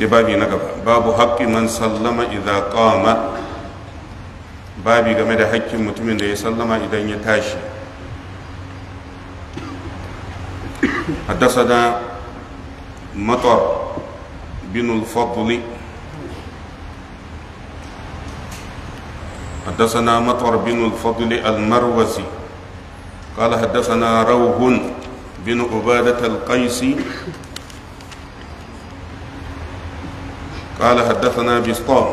sai babi na gaba babu haƙƙi man sallama idan ƙawama babi game da haƙƙin mutumin da ya sallama idan ya tashi da matar binul fadli حدثنا مطر بن الفضل المروزي قال حدثنا روح بن عبادة القيسي قال حدثنا بسطام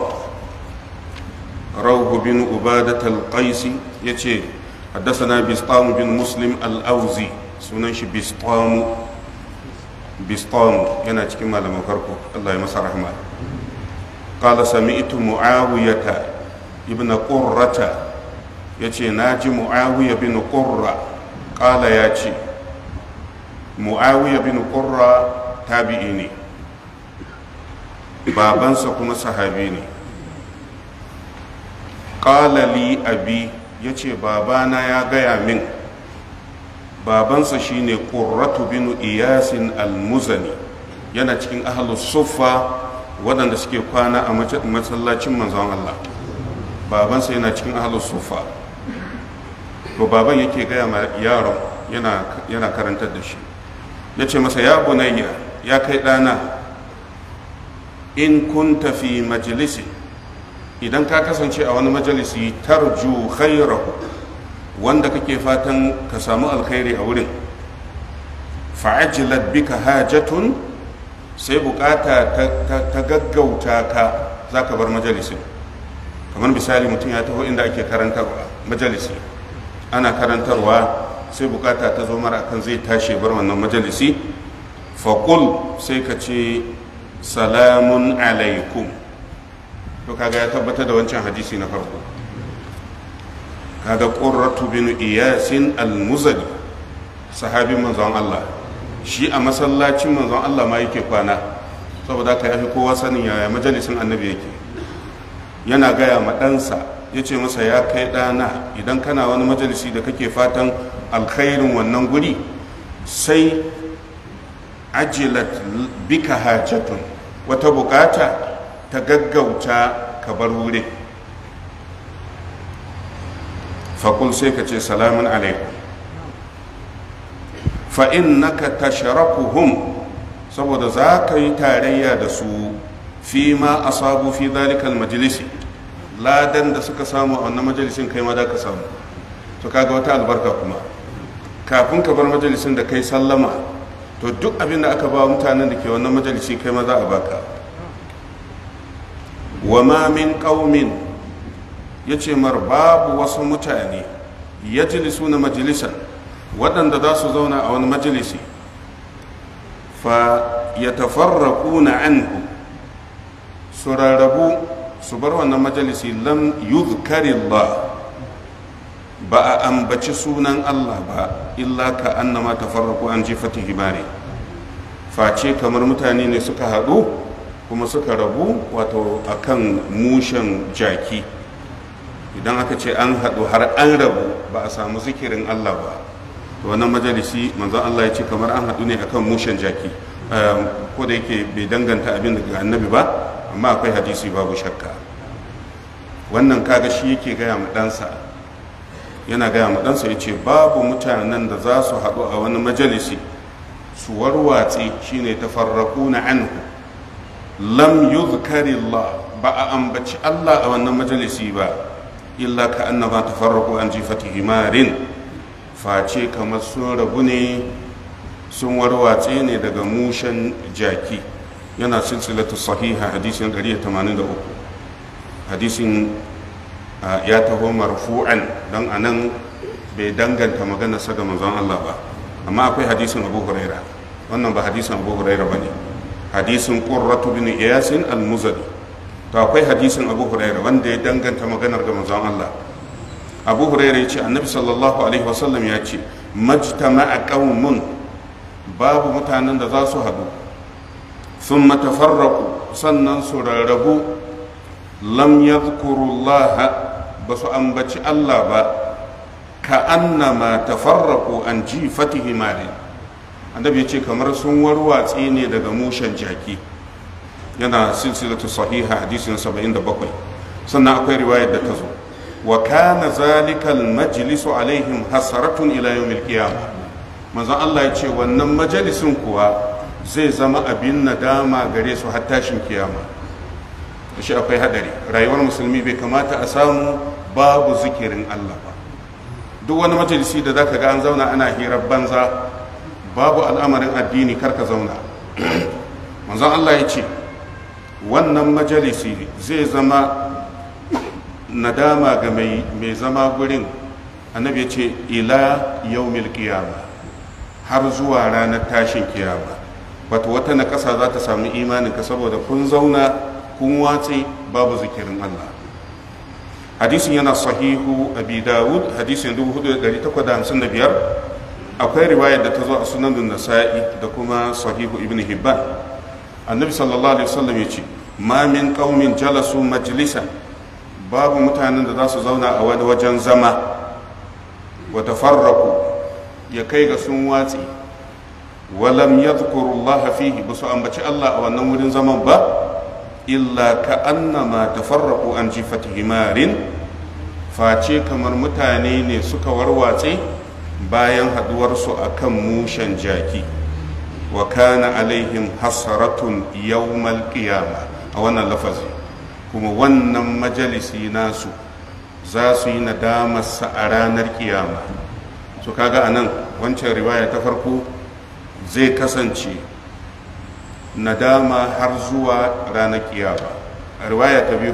روح بن عبادة القيسي يتي حدثنا بسطام بن مسلم الأوزي سننش بسطام بسطام ينا تكما لما فرقه الله يمسى رحمه قال سمعت معاوية ابن قرة يتي ناجي معاوية بن قرة قال ياتي معاوية بن قرة تابعيني babansa kuma sahabi ne ƙalali abi ya ce babana ya gaya min babansa shine ƙurratu binu iyasin almuzani yana cikin ahalus sufa waɗanda suke kwana a matsalacin manzon Allah babansa yana cikin ahalus sufa to baban yake gaya ma yaron yana karantar da shi ya ce masa ya bunayya ya kai ɗana in kunta fi majalisi idan ka kasance a wani majalisi tarju khairahu wanda kake fatan ka samu alkhairi a wurin fa'ajilat bika hajatun sai bukata ta gaggauta ka za ka bar majalisin kamar misali mutum ya taho inda ake karantarwa majalisi ana karantarwa sai bukata ta zo mara akan zai tashi bar wannan majalisi faƙul sai ka ce salamun alaikum to kaga ya tabbatar da wancan hadisi na farko kaga ƙorratu bin iyasin al muzali sahabin manzon Allah shi a masallacin manzon Allah ma yake kwana saboda ka yafi kowa sanin yaya majalisin annabi yake yana gaya ma ɗansa ya ce masa ya kai ɗana idan kana wani majalisi da kake fatan alkhairin wannan guri sai ajilat bika hajatun wata bukata ta gaggauta ka bar wurin faƙul sai ka ce salamun alaikum fa'in naka tasharakuhum saboda za ka yi tarayya da su fi ma asabu fi zalikal majalisi ladan da suka samu a wannan majalisin kai ma za ka samu to kaga wata albarka kuma kafin ka bar majalisin da kai sallama to duk abin da aka ba mutanen da ke wannan majalisi kai maza a baka wa ma min qaumin yace mar babu wasu mutane yajlisu na majalisan waɗanda za su zauna a wani majalisi fa yatafarraquna anhu su rarrabu su bar wannan majalisi lam yuzkarillah ba a ambaci sunan Allah ba illa ka annama farraku an jifati himari face kamar mutane ne suka haɗu kuma suka rabu wato akan mushen jaki idan aka ce an haɗu har an rabu ba a samu zikirin Allah ba to wannan majalisi manzon Allah ya ce kamar an haɗu ne akan mushen jaki ehm, ko da yake bai danganta abin ga annabi ba amma akwai hadisi babu shakka wannan kaga shi yake gaya ma ɗansa yana gaya ma ɗansa ya ce babu mutanen da za su haɗu a wani majalisi su warwatse shine farraku na anhu lam yuzkarillah ba a ambaci Allah a wannan majalisi ba illa ka annaba tafarraku an jifati himarin face kamar sun rabu ne sun warwatse ne daga mushen jaki yana silsilatu sahiha hadisin 183 hadisin ya taho marfu'an don a nan bai danganta magana saga ga manzon Allah ba amma akwai hadisin Abu Huraira wannan ba hadisin Abu Huraira bane hadisin Qurratu bin yasin al-Muzani to akwai hadisin Abu Huraira wanda ya danganta maganar ga manzon Allah Abu Huraira ya ce Annabi sallallahu alaihi wasallam ya ce majtama'a qaumun babu mutanen da za su haɗu sun tafarraqu sannan su rarrabu lam yadhkurullaha ba su ambaci Allah ba ka annama tafarraqu an jifatihi mali annabi yace kamar sun warwatse ne daga mushen jaki yana silsilatu sahiha hadisin 77 sannan akwai riwayar da ta zo wa kana zalika majlisu alaihim hasaratun ila yawmil qiyamah manzo Allah ya ce wannan majalisin kuwa zai zama abin nadama gare su har tashin kiyama shi akwai hadari rayuwar musulmi bai kamata a samu babu zikirin Allah ba duk wani majalisi da zaka ga an zauna ana hirar banza babu al'amarin addini kar ka zauna manzon Allah ya ce wannan majalisi zai zama nadama ga mai zama gurin annabi ya ce ila yaumil qiyama har zuwa ranar tashin kiyama wato wata na kasa za ta samu imaninka saboda kun zauna kun watse babu zikirin Allah hadisin yana sahihu abi dawud hadisin 4855 akwai riwayar da ta zo a sunan nasa'i da kuma sahihu ibn hibban annabi sallallahu alaihi wasallam ya ce ma min qaumin jalasu majlisa babu mutanen da za su zauna a wani wajen zama wa tafarraku ya kai ga sun watsi walam yadhkurullaha fihi ba su ambaci Allah a wannan wurin zaman ba illa ka annama tafarraqu an jifati himarin face kamar mutane ne suka warwatse bayan haduwarsu kan mushen jaki wa kana alaihim hasaratun yawmal qiyama a wannan lafazi kuma wannan majalisi nasu za su yi nadamarsa a ranar kiyama su kaga a nan wancan riwaya ta farko zai kasance nadama har zuwa ranar kiyama riwaya ta biyu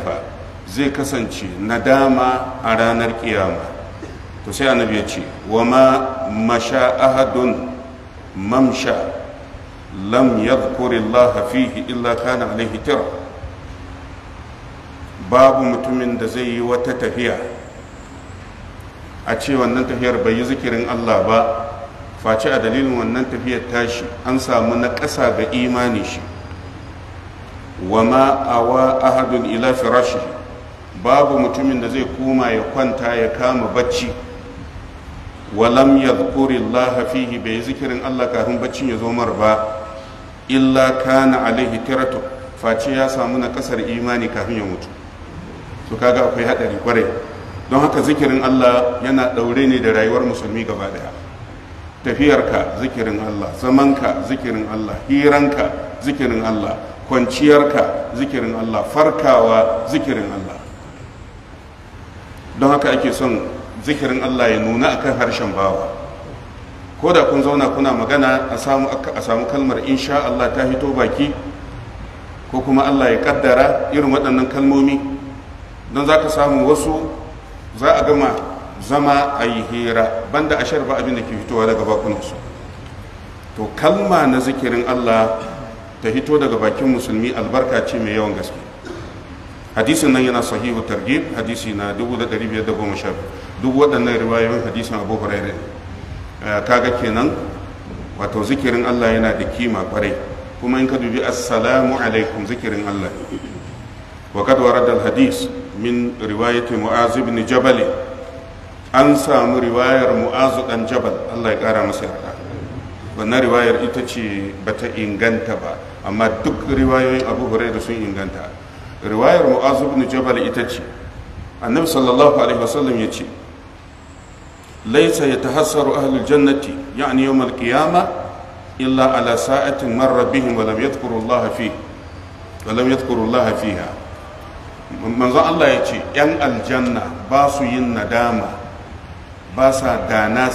zai kasance nadama a ranar kiyama to sai annabi ya ce wa ma masha ahadun mamsha lam yadhkuri Allah fihi illa kana alaihi tira babu mutumin da zai yi wata tafiya a ce wannan tafiyar bai yi zikirin Allah ba face a dalilin wannan tafiyar tashi an samu na ƙasa ga imani shi wa ma awa ahadun ila firashi babu mutumin da zai koma ya kwanta ya kama bacci Wa lam yadhkuri Allah fihi bai zikirin Allah kafin baccin ya zo mar ba illa kana alaihi tiratu face ya samu na ƙasar imani kafin ya mutu to kaga akwai hadari kwarai don haka zikirin Allah yana daure ne da rayuwar musulmi gaba daya tafiyarka zikirin Allah zamanka zikirin Allah hiranka zikirin Allah kwanciyarka zikirin Allah farkawa zikirin Allah don haka ake son zikirin Allah ya nuna akan harshen bawa ko da kun zauna kuna magana a samu kalmar insha Allah ta hito baki ko kuma Allah ya kaddara irin waɗannan kalmomi don za ka samu wasu za a gama zama a yi hira banda a sharba abin da ke fitowa daga bakunansu to kalma na zikirin allah ta hito daga bakin musulmi albarka ce mai yawan gaske hadisin nan yana sahihu targib hadisi na 1510 duk waɗannan riwayoyin hadisin abu hurairu eh, kaga kenan wato zikirin allah yana da kima kwarai kuma in ka dubi assalamu alaikum zikirin allah وقد ورد hadis, min رواية معاذ بن جبل an samu riwayar mu'azu dan jabal Allah ya kara masa yarda wannan riwayar ita ce bata inganta ba amma duk riwayoyin Abu Hurairah sun inganta riwayar mu'azu ibn jabal ita ce annabi sallallahu alaihi wasallam ya ce laysa yatahassaru ahlul jannati ya'ni yawm al-qiyamah illa ala sa'atin marra bihim wa lam yadhkuru Allah fihi wa lam yadhkuru Allah fiha manzo Allah ya ce yan aljanna ba su yin nadama ba sa da